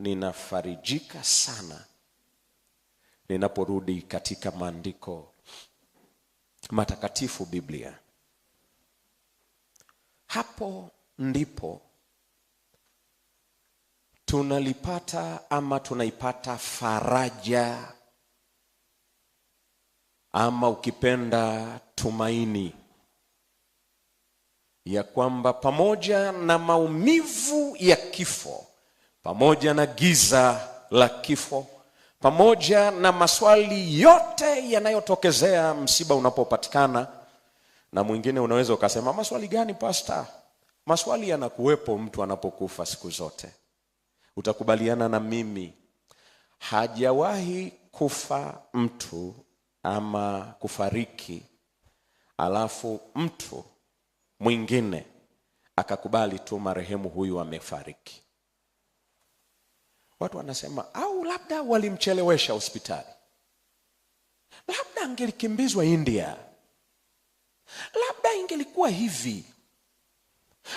ninafarijika sana ninaporudi katika maandiko matakatifu Biblia. Hapo ndipo tunalipata ama tunaipata faraja ama ukipenda tumaini ya kwamba pamoja na maumivu ya kifo pamoja na giza la kifo, pamoja na maswali yote yanayotokezea msiba unapopatikana. Na mwingine unaweza ukasema maswali gani pasta? Maswali yanakuwepo mtu anapokufa siku zote. Utakubaliana na mimi, hajawahi kufa mtu ama kufariki alafu mtu mwingine akakubali tu marehemu huyu amefariki. Watu wanasema au labda walimchelewesha hospitali, labda angelikimbizwa India, labda ingelikuwa hivi.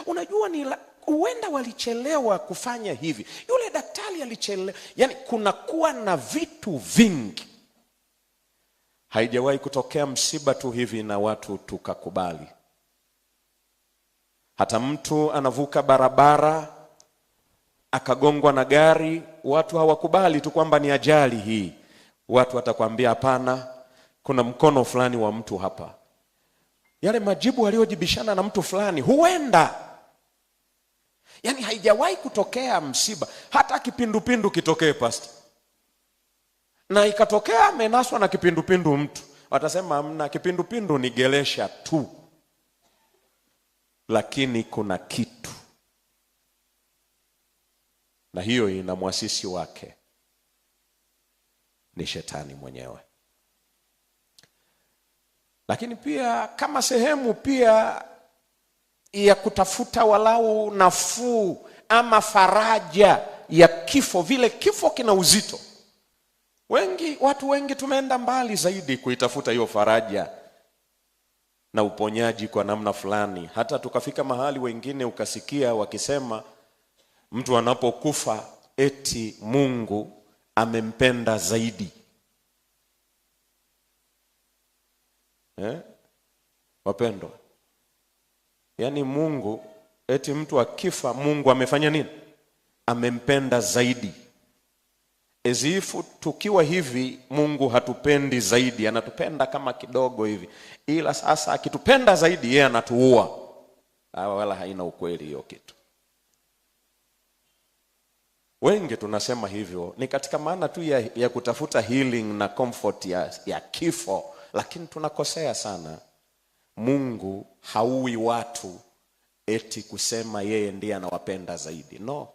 Unajua ni la, huenda walichelewa kufanya hivi, yule daktari alichelewa. Yani kunakuwa na vitu vingi. Haijawahi kutokea msiba tu hivi na watu tukakubali. Hata mtu anavuka barabara akagongwa na gari watu hawakubali tu kwamba ni ajali hii. Watu watakwambia hapana, kuna mkono fulani wa mtu hapa. Yale majibu aliyojibishana na mtu fulani huenda Yaani haijawahi kutokea msiba hata kipindupindu kitokee pasta, na ikatokea amenaswa na kipindupindu mtu, watasema mna kipindupindu ni gelesha tu, lakini kuna kitu na hiyo ina mwasisi wake ni shetani mwenyewe. Lakini pia kama sehemu pia ya kutafuta walau nafuu ama faraja ya kifo, vile kifo kina uzito. Wengi watu wengi tumeenda mbali zaidi kuitafuta hiyo faraja na uponyaji kwa namna fulani, hata tukafika mahali wengine ukasikia wakisema mtu anapokufa eti Mungu amempenda zaidi eh? Wapendwa, yaani Mungu eti mtu akifa Mungu amefanya nini? Amempenda zaidi. Ezifu tukiwa hivi Mungu hatupendi zaidi, anatupenda kama kidogo hivi, ila sasa akitupenda zaidi yeye anatuua. Ah, wala haina ukweli hiyo kitu. Wengi tunasema hivyo ni katika maana tu ya, ya kutafuta healing na comfort ya, ya kifo, lakini tunakosea sana. Mungu haui watu eti kusema yeye ndiye anawapenda zaidi. No,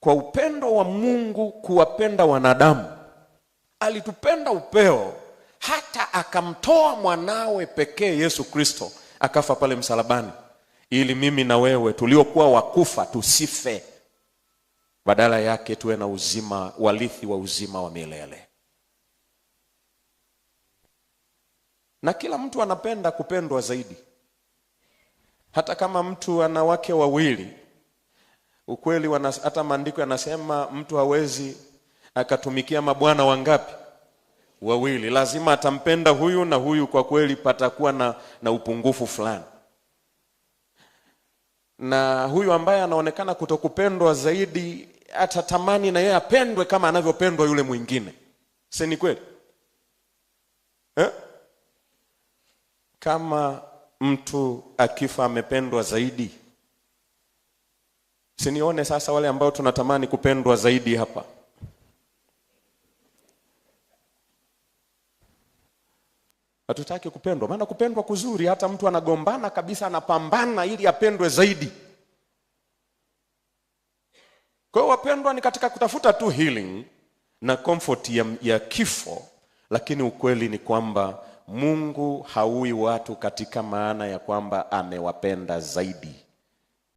kwa upendo wa Mungu kuwapenda wanadamu, alitupenda upeo hata akamtoa mwanawe pekee Yesu Kristo akafa pale msalabani ili mimi na wewe tuliokuwa wakufa tusife, badala yake tuwe na uzima, warithi wa uzima wa milele. Na kila mtu anapenda kupendwa zaidi. Hata kama mtu ana wake wawili, ukweli wana, hata maandiko yanasema mtu hawezi akatumikia mabwana wangapi? Wawili. Lazima atampenda huyu na huyu, kwa kweli patakuwa na, na upungufu fulani na huyu ambaye anaonekana kutokupendwa zaidi atatamani na yeye apendwe kama anavyopendwa yule mwingine. Si ni kweli eh? Kama mtu akifa amependwa zaidi, sinione sasa wale ambao tunatamani kupendwa zaidi hapa Hatutaki kupendwa, maana kupendwa kuzuri, hata mtu anagombana kabisa, anapambana ili apendwe zaidi. Kwa hiyo wapendwa, ni katika kutafuta tu healing na comfort ya, ya kifo, lakini ukweli ni kwamba Mungu haui watu katika maana ya kwamba amewapenda zaidi.